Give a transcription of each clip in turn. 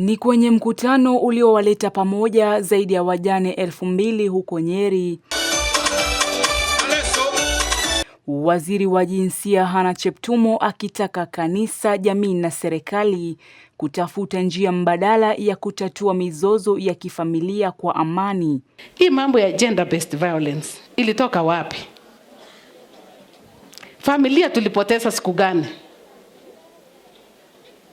Ni kwenye mkutano uliowaleta pamoja zaidi ya wajane elfu mbili huko Nyeri. Waziri wa Jinsia Hana Cheptumo akitaka kanisa, jamii na serikali kutafuta njia mbadala ya kutatua mizozo ya kifamilia kwa amani. Hii mambo ya gender based violence ilitoka wapi? Familia tulipoteza siku gani?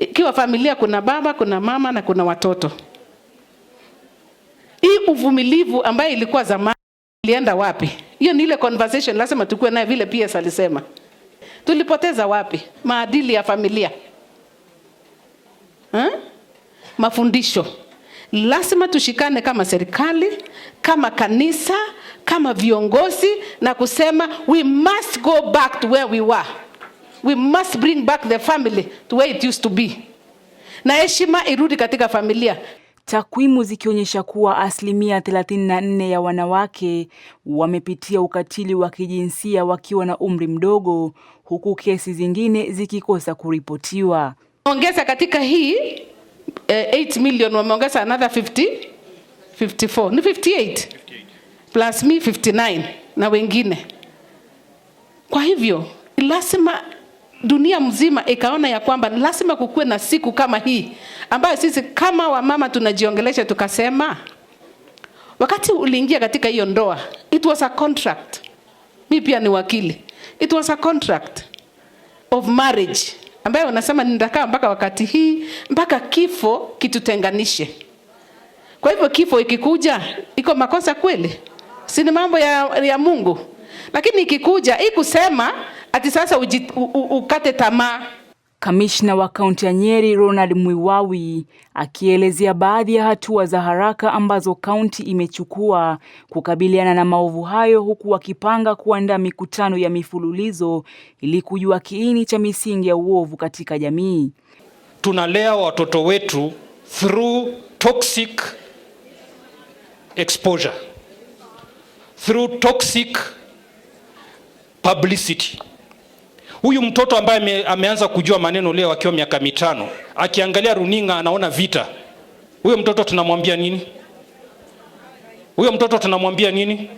Ikiwa familia kuna baba, kuna mama na kuna watoto. Hii uvumilivu ambayo ilikuwa zamani ilienda wapi? Hiyo ni ile conversation lazima tukue naye, vile PS alisema. Tulipoteza wapi maadili ya familia ha? Mafundisho lazima tushikane kama serikali, kama kanisa, kama viongozi na kusema we must go back to where we were we must bring back the family to where it used to be, na heshima irudi katika familia. Takwimu zikionyesha kuwa asilimia 34 ya wanawake wamepitia ukatili wa kijinsia wakiwa na umri mdogo, huku kesi zingine zikikosa kuripotiwa. Ongeza katika hii eh, 8 million wameongeza another 50 54 ni 58 plus me 59 na wengine. Kwa hivyo lazima dunia mzima ikaona ya kwamba lazima kukuwe na siku kama hii ambayo sisi kama wamama tunajiongelesha tukasema, wakati uliingia katika hiyo ndoa, it was a contract. Mi pia ni wakili, it was a contract of marriage ambayo unasema nitakaa mpaka wakati hii, mpaka kifo kitutenganishe. Kwa hivyo kifo ikikuja, iko makosa kweli? Si ni mambo ya, ya Mungu, lakini ikikuja ikusema ati sasa ujit, u, u, ukate tamaa. Kamishna wa kaunti ya Nyeri Ronald Mwiwawi akielezea baadhi ya hatua za haraka ambazo kaunti imechukua kukabiliana na maovu hayo huku wakipanga kuandaa mikutano ya mifululizo ili kujua kiini cha misingi ya uovu katika jamii. Tunalea watoto wetu through toxic exposure, through toxic publicity. Huyu mtoto ambaye ameanza kujua maneno leo akiwa miaka mitano, akiangalia runinga anaona vita. Huyo mtoto tunamwambia nini? Huyo mtoto tunamwambia nini?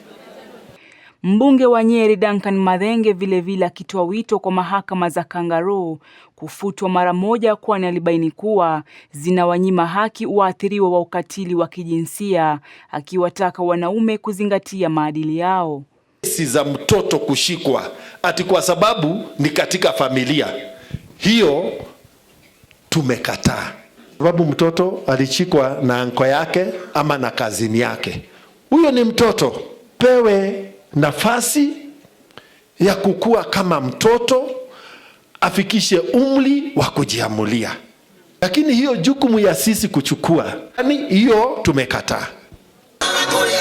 Mbunge wa Nyeri Duncan madhenge vilevile akitoa wito kwa mahakama za kangaroo kufutwa mara moja, kwani alibaini kuwa zinawanyima haki waathiriwa wa ukatili wa kijinsia, akiwataka wanaume kuzingatia maadili yao. Kesi za mtoto kushikwa ati kwa sababu ni katika familia hiyo. Tumekataa sababu mtoto alichikwa na anko yake ama na kazini yake. Huyo ni mtoto, pewe nafasi ya kukua kama mtoto, afikishe umri wa kujiamulia. Lakini hiyo jukumu ya sisi kuchukua, yani hiyo tumekataa.